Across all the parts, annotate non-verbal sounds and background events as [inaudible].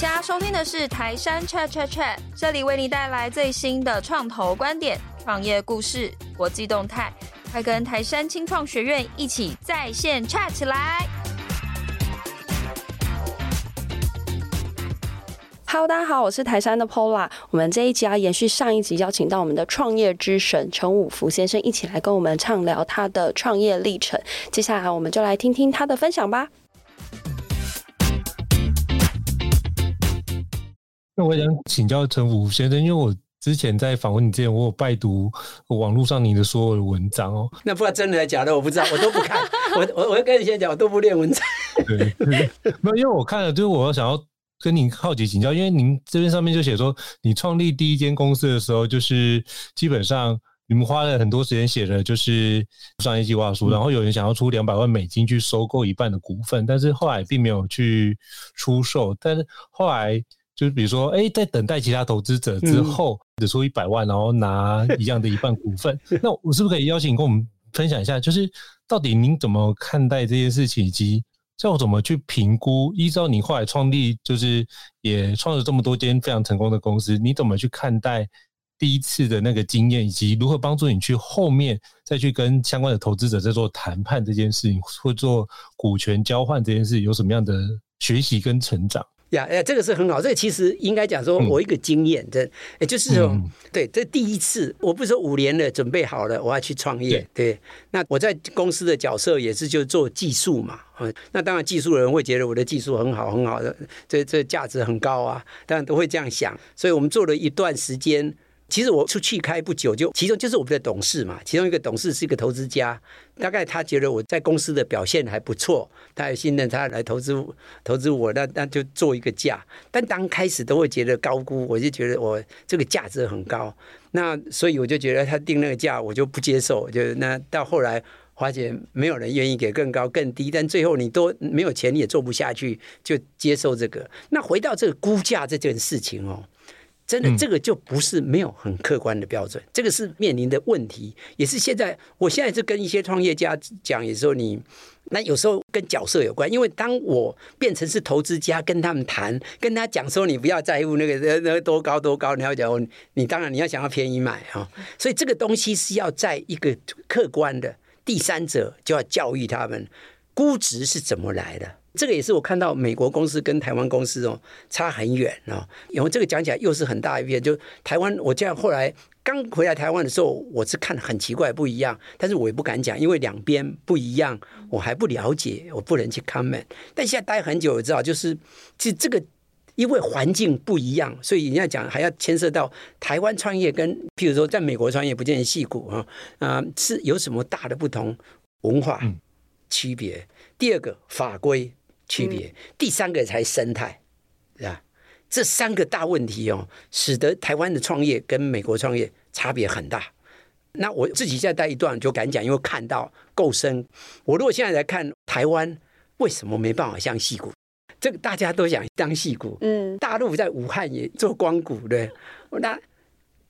大家收聽的是台杉 Chat Chat Chat，這裡為你帶來最新的創投觀點、創業故事、國際動態，快跟台杉青創學院一起在線 chat 起來。Hello，大家好，我是台杉的 Pola，我們這一集要延續上一集，邀請到我們的創業之神陳五福先生一起來跟我們暢聊他的創業歷程。接下來我們就來聽聽他的分享吧。那我想請教陳五福先生，因為我之前在訪問你之前，我有拜讀網絡上你的所有的文章哦。那不然真的還是假的，我不知道，我都不看。我我我跟你先講，我都不練文章對。對，沒有，因為我看了，就是我想要跟您好奇請教，因為您這邊上面就寫說，你創立第一間公司的時候，就是基本上你們花了很多時間寫的就是商業計劃書，然後有人想要出兩百萬美金去收購一半的股份，但是後來並沒有去出售，但是後來。就是比如說，哎、欸，在等待其他投資者之後，嗯、只出一百萬，然後拿一樣的一半股份。 [laughs] 那我是不是可以邀請你跟我們分享一下？就是到底您怎麼看待這件事情，以及叫我怎麼去評估？依照你後來創立，就是也創了這麼多間非常成功的公司，你怎麼去看待第一次的那個經驗，以及如何幫助你去後面再去跟相關的投資者在做談判這件事情，或做股權交換這件事，有什麼樣的學習跟成長？呀，哎，這個是很好，這個其實應該講說我一個經驗，嗯、這也就是說、嗯、對，這第一次，我不是說五年了準備好了我要去創業，yeah. 對，那我在公司的角色也是就做技術嘛，那當然技術的人會覺得我的技術很好很好的，這這價值很高啊，當然都會這樣想，所以我們做了一段時間。其實我出去開不久就，就其中就是我們的董事嘛，其中一個董事是一個投資家，大概他覺得我在公司的表現還不錯，他也信任他來投資投資我，那那就做一個價。但剛開始都會覺得高估，我就覺得我這個價值很高，那所以我就覺得他定那個價我就不接受，就那到後來，發覺沒有人願意給更高更低，但最後你都沒有錢你也做不下去，就接受這個。那回到這個估價這件事情哦。真的，這個就不是沒有很客觀的標準，嗯、這個是面臨的問題，也是現在，我現在就跟一些創業家講，也說你，那有時候跟角色有關，因為當我變成是投資家，跟他們談，跟他講說，你不要在乎那個那那個、多高多高，你要講，你當然你要想要便宜買啊、哦，所以這個東西是要在一個客觀的第三者就要教育他們，估值是怎麼來的。這個也是我看到美國公司跟台灣公司哦差很遠哦。因為這個講起來又是很大一片。就台灣，我這樣後來剛回來台灣的時候，我是看很奇怪不一樣，但是我也不敢講，因為兩邊不一樣，我還不了解，我不能去 comment。但現在待很久，我知道，就是其實這個因為環境不一樣，所以你要講還要牽涉到台灣創業跟，譬如說在美國創業不見得細股啊啊是有什麼大的不同文化區別？嗯、第二個法規。區別，第三個才生態，對吧？這三個大問題哦，使得台灣的創業跟美國創業差別很大。那我自己再待一段就敢講，因為看到夠深。我如果現在來看台灣，為什麼沒辦法像矽谷？這個大家都想當矽谷。嗯，大陸在武漢也做光谷，對。那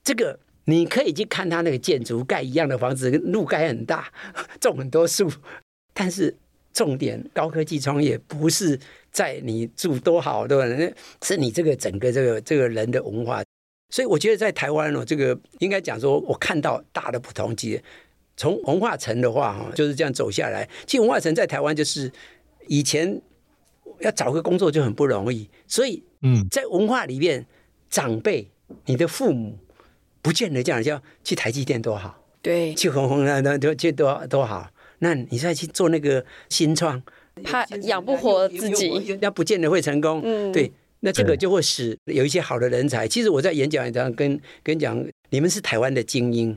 這個你可以去看它那個建築蓋一樣的房子，路蓋很大，種很多樹，但是。重點，高科技創業不是在你住多好，對吧？是你這個整個這個這個人的文化。所以我覺得在台灣哦，這個應該講說，我看到大的不同級，從文化城的話哈，就是這樣走下來。其實文化城在台灣就是以前要找個工作就很不容易，所以嗯，在文化裡面、嗯、長輩、你的父母，不見得這樣叫去台積電多好，對，去紅紅那那都去多多好。那你再去做那個新創，怕養不活自己，要不見得會成功、嗯。對，那這個就會使有一些好的人才。嗯、其實我在演講一講跟跟你講，你們是台灣的精英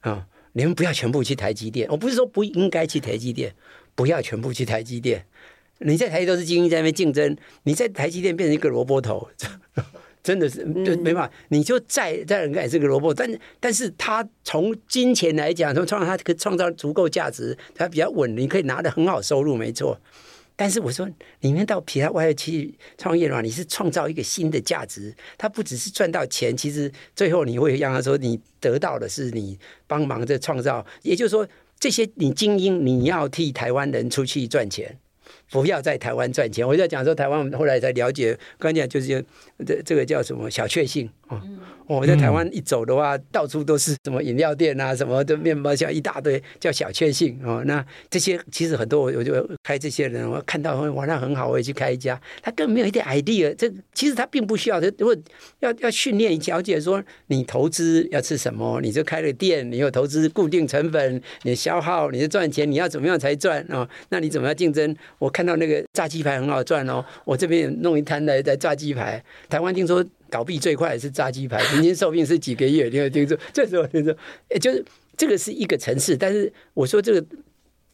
啊、哦，你們不要全部去台積電。我不是說不應該去台積電，不要全部去台積電。你在台積都是精英在那邊競爭，你在台積電變成一個蘿蔔頭。 [laughs] 真的是，就沒辦法，你就再再忍這個蘿蔔，但但是他從金錢來講，從創造他可創造足夠價值，他比較穩，你可以拿得很好收入，沒錯。但是我說，你們到皮卡外、外去創業的話，你是創造一個新的價值，他不只是賺到錢，其實最後你會讓他說，你得到的是你幫忙在創造，也就是說，這些你精英你要替台灣人出去賺錢。不要在台灣賺錢。我就講說台灣，後來才了解，關鍵就是這這個叫什麼小確幸哦，我、嗯哦、在台灣一走的話，到處都是什麼飲料店啊，嗯、什麼的麵包箱一大堆，大堆叫小確幸哦，那這些其實很多，我就開這些人，我看到玩的很好，我也去開一家，他根本沒有一點 idea 這。這其實他並不需要，這如果要要訓練了解說，你投資要吃什麼？你就開了店，你有投資固定成本，你消耗，你的賺錢，你要怎麼樣才賺哦，那你怎麼樣競爭？嗯、我。看到那個炸雞排很好賺哦，我這邊也弄一攤來在炸雞排。台灣聽說倒閉最快是炸雞排，平均壽命是幾個月？你有聽說？ [laughs] 這時候聽說，也就是這個是一個城市，但是我說這個，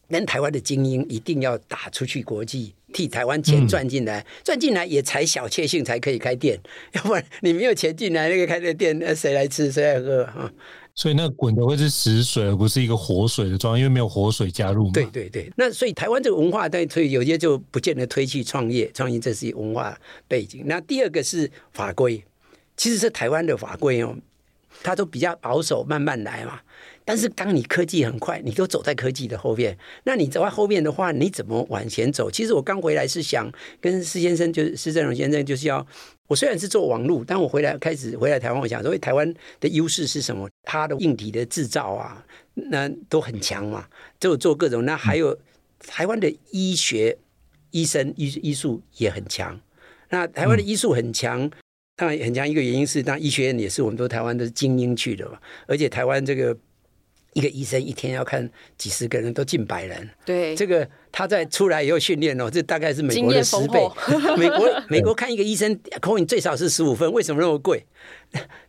跟台灣的精英一定要打出去國際，替台灣錢賺進來，嗯、賺進來也才小確幸才可以開店，要不然你沒有錢進來，那個開的店，那誰來吃？誰來喝啊？所以那滾的會是死水，而不是一個活水的狀態，因為沒有活水加入嘛。對對對，那所以台灣這個文化，但所以有些就不見得推去創業、創業這是文化背景。那第二個是法規，其實是台灣的法規哦，它都比較保守，慢慢來嘛。但是當你科技很快，你都走在科技的後面，那你走在後面的話，你怎麼往前走？其實我剛回來是想跟施先生，就是施振榮先生，就是要我雖然是做網路，但我回來開始回來台灣，我想說，哎，台灣的優勢是什麼？它的硬體的製造啊，那都很強嘛。就做各種，那還有、嗯、台灣的醫學醫生醫醫術也很強。那台灣的醫術很強，當然很強，一個原因是當醫學院也是我們都台灣的精英去的嘛，而且台灣這個。一個醫生一天要看幾十個人，都近百人。對，這個他在出來以後訓練哦，這大概是美國的十倍。 [laughs] 美國美國看一個醫生，扣 [laughs] 你最少是十五分，為什麼那麼貴？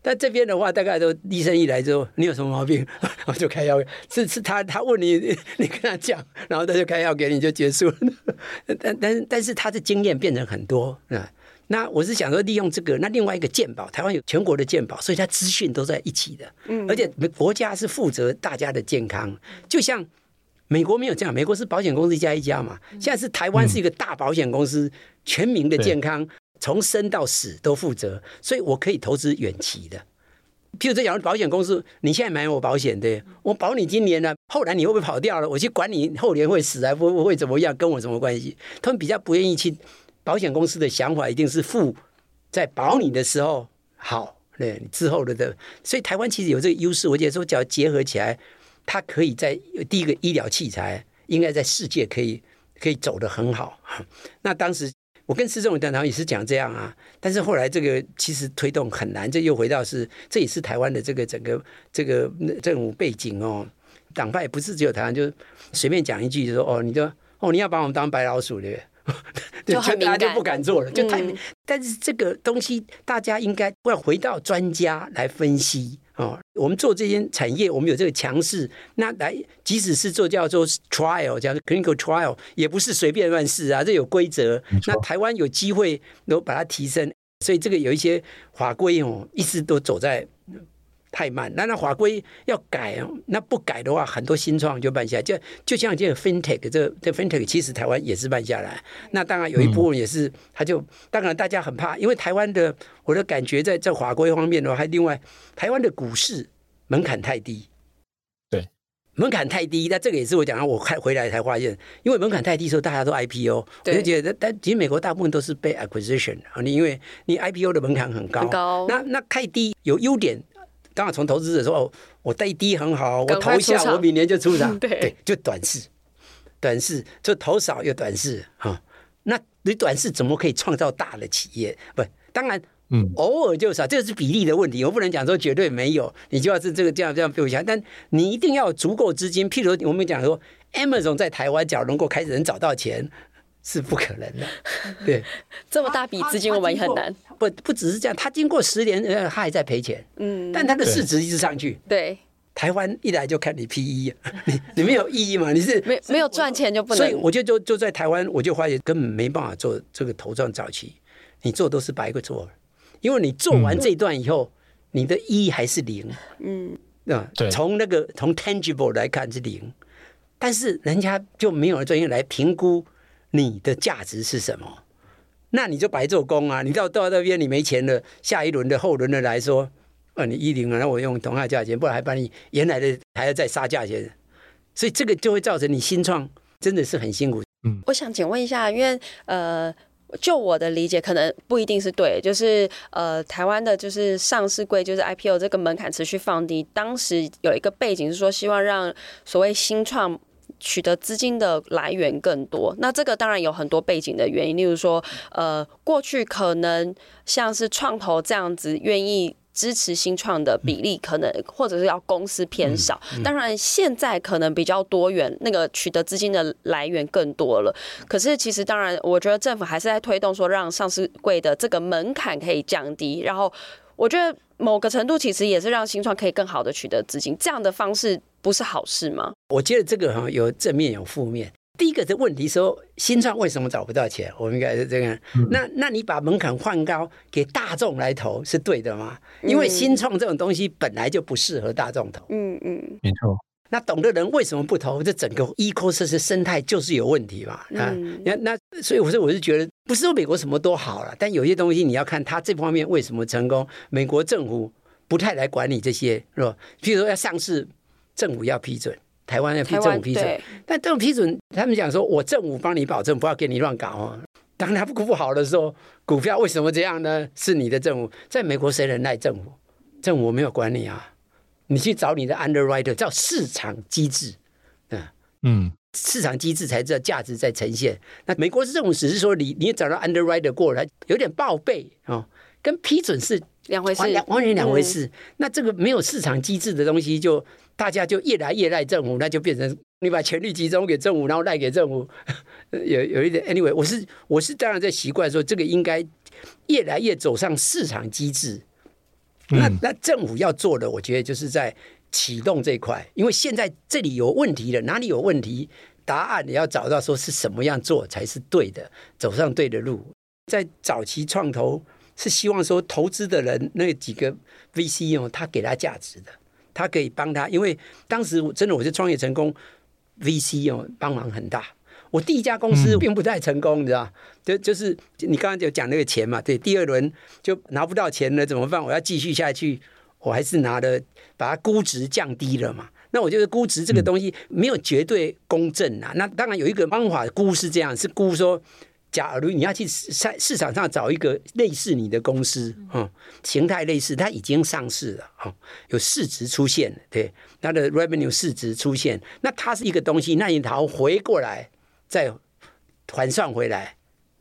但這邊的話，大概都醫生一來之後，你有什麼毛病，我 [laughs] 就開藥。是是他他問你，你跟他講，然後他就開藥給你就結束了。 [laughs] 但但但是他的經驗變成很多啊。那我是想說，利用這個，那另外一個健保，台灣有全國的健保，所以它資訊都在一起的，嗯、而且國家是負責大家的健康。就像美國沒有這樣，美國是保險公司一家一家嘛。現在是台灣是一個大保險公司，嗯，全民的健康從生到死都負責，所以我可以投資遠期的。譬如說保險公司，你現在買我保險對，我保你今年呢，啊，後來你會不會跑掉了？我去管你後年會死啊會不會怎麼樣，跟我什麼關係？他們比較不願意去。保險公司的想法一定是負在保你的時候好，那之後的的，所以台灣其實有這個優勢。我覺得說，只要結合起來，它可以在第一個醫療器材應該在世界可以可以走得很好。那當時我跟施政委院長也是講這樣啊，但是後來這個其實推動很難，這又回到是這也是台灣的這個整個這個政府背景哦、喔。黨派不是只有台灣，就隨便講一句就說哦，你就哦你要把我們當白老鼠的。就 [laughs] 對，就就不敢做了，就太、嗯、但是這個東西，大家應該要回到專家來分析、哦、我們做這些產業，我們有這個強勢，那來即使是做叫做 trial，叫做 clinical trial，也不是隨便亂試啊，這有規則。嗯、那台灣有機會都把它提升，所以這個有一些法規哦，一直都走在。太慢，那那法規要改，那不改的話，很多新創就辦下來，就就像這個 fintech 這這 fintech，其實台灣也是辦下來。那當然有一部分也是，嗯、他就當然大家很怕，因為台灣的我的感覺在在法規方面的話，還有另外台灣的股市門檻太低，對，門檻太低。那這個也是我講，我開回來才發現，因為門檻太低的時候，大家都 I P O，我就覺得但其實美國大部分都是被 acquisition，啊，你因為你 I P O 的門檻很高，很高，哦，那那太低有優點。剛好，從投資者說，哦，我跌低很好，我投一下，我明年就出場， [laughs] 對，就短視，短視，就投少又短視哈、啊。那你短視怎麼可以創造大的企業？不，當然，偶爾就少，這是比例的問題。我不能講說絕對沒有，你就要是這個這樣這樣表現，但你一定要有足夠資金。譬如我們講說，Amazon 在台灣只要能夠開始能找到錢。是不可能的，對， [laughs] 這麼大筆資金我們也很難。啊、不不只是這樣，他經過十年，呃，他還在賠錢，嗯，但他的市值一直上去。對，對台灣一來就看你 P E，你你沒有意義嘛？ [laughs] 你是沒沒有賺錢就不能。所以我就就就在台灣，我就發現根本沒辦法做這個投資早期，你做都是白個做，因為你做完這一段以後，嗯、你的 E 還是零，嗯，那從那個從 tangible 來看是零，但是人家就沒有人專業來評估。你的價值是什麼？那你就白做工啊！你到到那邊你沒錢了，下一輪的後輪的來說，呃你，你一零啊，那我用同樣價錢，不然還把你原來的還要再殺價錢，所以這個就會造成你新創真的是很辛苦。嗯，我想請問一下，因為呃，就我的理解，可能不一定是對，就是呃，台灣的就是上市櫃，就是 IPO 這個門檻持續放低，當時有一個背景是說，希望讓所謂新創。取得資金的來源更多，那這個當然有很多背景的原因，例如說，呃，過去可能像是創投這樣子願意支持新創的比例，可能、嗯、或者是要公司偏少。嗯嗯、當然，現在可能比較多元，那個取得資金的來源更多了。可是，其實當然，我覺得政府還是在推動說，讓上市櫃的這個門檻可以降低。然後，我覺得某個程度其實也是讓新創可以更好的取得資金，這樣的方式。不是好事嗎？我覺得這個哈有正面有負面。第一個的問題說，新創為什麼找不到錢？我應該是這樣。嗯、那那你把門檻換高，給大眾來投是對的嗎？因為新創這種東西本來就不適合大眾投。嗯嗯，沒錯。那懂的人為什麼不投？這整個 ecosystem 生態就是有問題嘛？啊，嗯、那那所以我說我是覺得，不是說美國什麼都好了，但有些東西你要看它這方面為什麼成功。美國政府不太來管理這些，是吧？譬如說要上市。政府要批准，台灣要批，政府批准。但這種批准，他們講說，我政府幫你保證，不要給你亂搞啊、哦。當它不不好的時候，股票為什麼這樣呢？是你的政府。在美國，誰能耐政府？政府沒有管你啊，你去找你的 underwriter，叫市場機制嗯，嗯，市場機制才知道價值在呈現。那美國是政府只是說你，你你也找到 underwriter 過來，有點報備、哦、跟批准是兩回事，完全兩回事、嗯。那這個沒有市場機制的東西就。大家就越來越賴政府，那就變成你把權力集中給政府，然後賴給政府，有有一點。Anyway，我是我是當然在習慣說這個應該越來越走上市場機制。那那政府要做的，我覺得就是在啟動這一塊，因為現在這裡有問題了，哪裡有問題，答案你要找到說是什麼樣做才是對的，走上對的路。在早期創投是希望說投資的人那幾個 VC 用他給他價值的。他可以幫他，因為當時我真的我是創業成功，VC 哦、喔、幫忙很大。我第一家公司並不太成功，嗯、你知道？就就是你剛剛就講那個錢嘛，對。第二輪就拿不到錢了，怎麼辦？我要繼續下去，我還是拿的把它估值降低了嘛。那我覺得估值這個東西沒有絕對公正啊、嗯。那當然有一個方法估是這樣，是估說。假如你要去市市場上找一個類似你的公司啊、嗯，形態類似，它已經上市了啊、哦，有市值出現了，對，它的 revenue 市值出現，那它是一個東西，那你倒回過來再換算回來，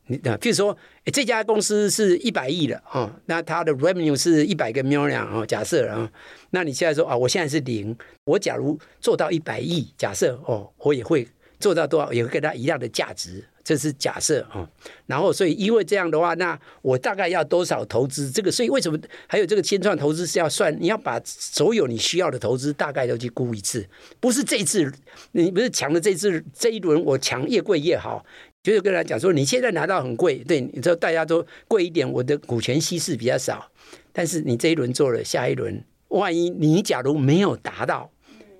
你譬如說這家公司是一百億的啊、哦，那它的 revenue 是一百個 million 啊、哦，假設啊，那你現在說啊，我現在是零，我假如做到一百億，假設哦，我也會做到多少，也會跟它一樣的價值。這是假設啊、嗯，然後所以因為這樣的話，那我大概要多少投資？這個所以為什麼還有這個千創投資是要算？你要把所有你需要的投資大概都去估一次，不是這一次，你不是搶的這一次這一輪我搶越貴越好，就是跟他講說，你現在拿到很貴，對，你知道大家都貴一點，我的股權稀釋比較少，但是你這一輪做了，下一輪萬一你假如沒有達到，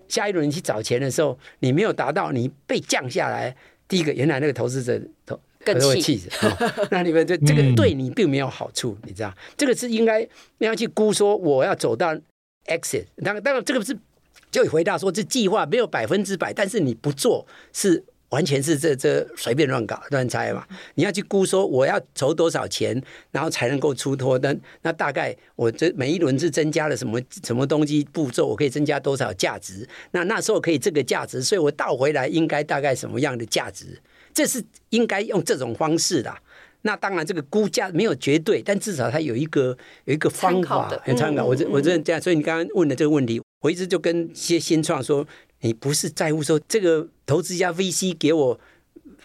下一輪你去找錢的時候你沒有達到，你被降下來。第一個，原來那個投資者都更都會氣質。哦、 [laughs] 那你們這這個對你並沒有好處，嗯、你知道？這個是應該你要去估說，我要走到 exit，當然當然這個是就回答說，這計劃沒有百分之百，但是你不做是。完全是這這隨便亂搞亂猜嘛！你要去估說我要籌多少錢，然後才能夠出脫單。那大概我這每一輪是增加了什麼什麼東西步驟，我可以增加多少價值？那那時候可以這個價值，所以我倒回來應該大概什麼樣的價值？這是應該用這種方式的啊。那當然，這個估價沒有絕對，但至少它有一個有一個方法很參考，考。嗯、我這我這樣、嗯、所以你剛剛問的這個問題，我一直就跟一些新創說，你不是在乎說這個投資家 VC 給我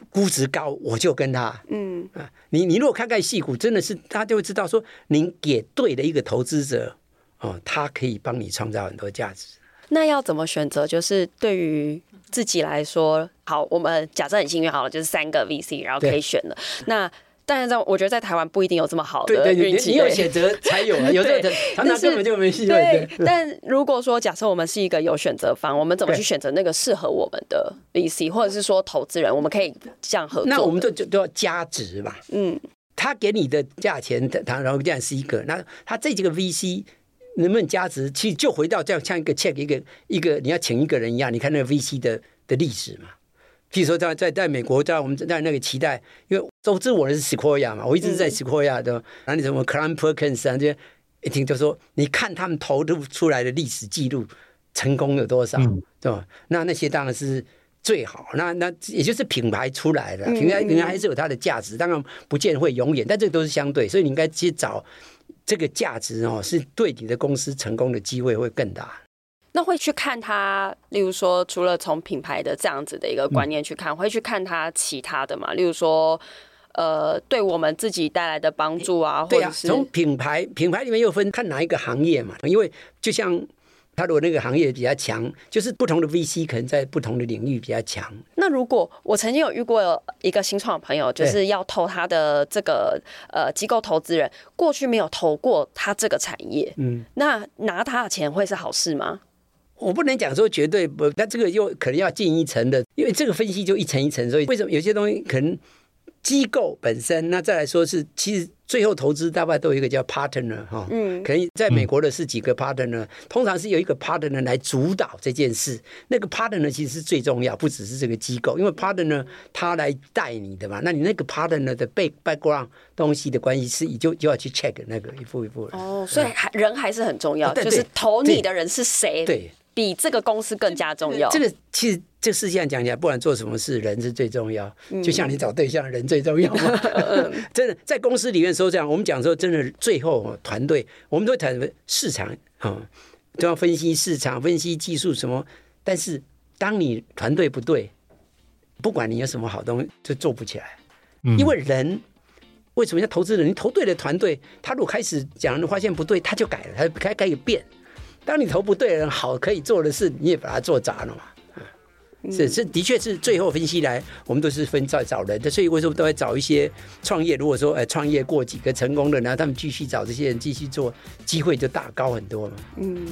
估值高，我就跟他。嗯、啊、你你如果看看矽谷，真的是他就會知道說，您給對的一個投資者哦，他可以幫你創造很多價值。那要怎麼選擇？就是對於自己來說，好，我們假設很幸運，好了，就是三個 VC，然後可以選了那。但是在我覺得在台灣不一定有這麼好的運氣。對對對對，你有選擇才有了， [laughs] 有這個他們根本就沒機會。 [laughs] 對，但如果說假設我們是一個有選擇方，我們怎麼去選擇那個適合我們的 VC，或者是說投資人，我們可以這樣合作？那我們就就都要加值嘛？嗯，他給你的價錢，他然後這樣是一個，那他這幾個 VC 能不能加值？其實就回到這樣，像一個 check 一個一個，一個，你要請一個人一樣，你看那個 VC 的的歷史嘛。比如說在在在美國，在我們在那個期待，因為總之我的是 Sequoia 嘛，我一直在 Sequoia 對吧？然後你什麼 Kleiner Perkins 啊，一聽就說，你看他們投入出來的歷史記錄成功有多少、嗯，對吧？那那些當然是最好，那那也就是品牌出來的、嗯、品牌，品牌還是有它的價值，當然不見得會永遠，但這個都是相對，所以你應該去找這個價值哦、喔，是對你的公司成功的機會會更大。那會去看他，例如說，除了從品牌的這樣子的一個觀念去看，嗯，會去看他其他的嘛？例如說，呃，對我們自己帶來的幫助啊，欸、對呀、啊。從品牌，品牌裡面又分看哪一個行業嘛？因為就像他如果那個行業比較強，就是不同的 VC 可能在不同的領域比較強。那如果我曾經有遇過一個新創的朋友，就是要投他的這個呃機構投資人，過去沒有投過他這個產業，嗯，那拿他的錢會是好事嗎？我不能講說絕對不，那這個又可能要進一層的，因為這個分析就一層一層。所以為什麼有些東西可能機構本身，那再來說是，其實最後投資大概都有一個叫 partner 哈、哦，嗯，可能在美國的是幾個 partner，通常是有一個 partner 來主導這件事，那個 partner 其實是最重要，不只是這個機構，因為 partner 他來帶你的嘛，那你那個 partner 的 back, background 東西的關係，是你就就要去 check 那個一步一步哦，所以人還是很重要，啊、就是投你的人是誰，啊、對。對對對比這個公司更加重要。呃、這個其實這個世界上講起來，不管做什麼事，人是最重要。嗯、就像你找對象，人最重要。 [laughs] 真的，在公司裡面說這樣，我們講說，真的最後團隊，我們都會談市場啊，都、嗯、要分析市場，分析技術什麼。但是，當你團隊不對，不管你有什麼好東西，就做不起來、嗯。因為人，為什麼要投資人？你投對了團隊，他如果開始講，你發現不對，他就改了，他開開始變。當你投不對人，好可以做的事你也把它做砸了嘛。是是，的確是最後分析來，我們都是分在找人的，所以為什麼都會找一些創業？如果說哎，創、呃、業過幾個成功的、啊，然後他們繼續找這些人繼續做，機會就大高很多嘛。嗯。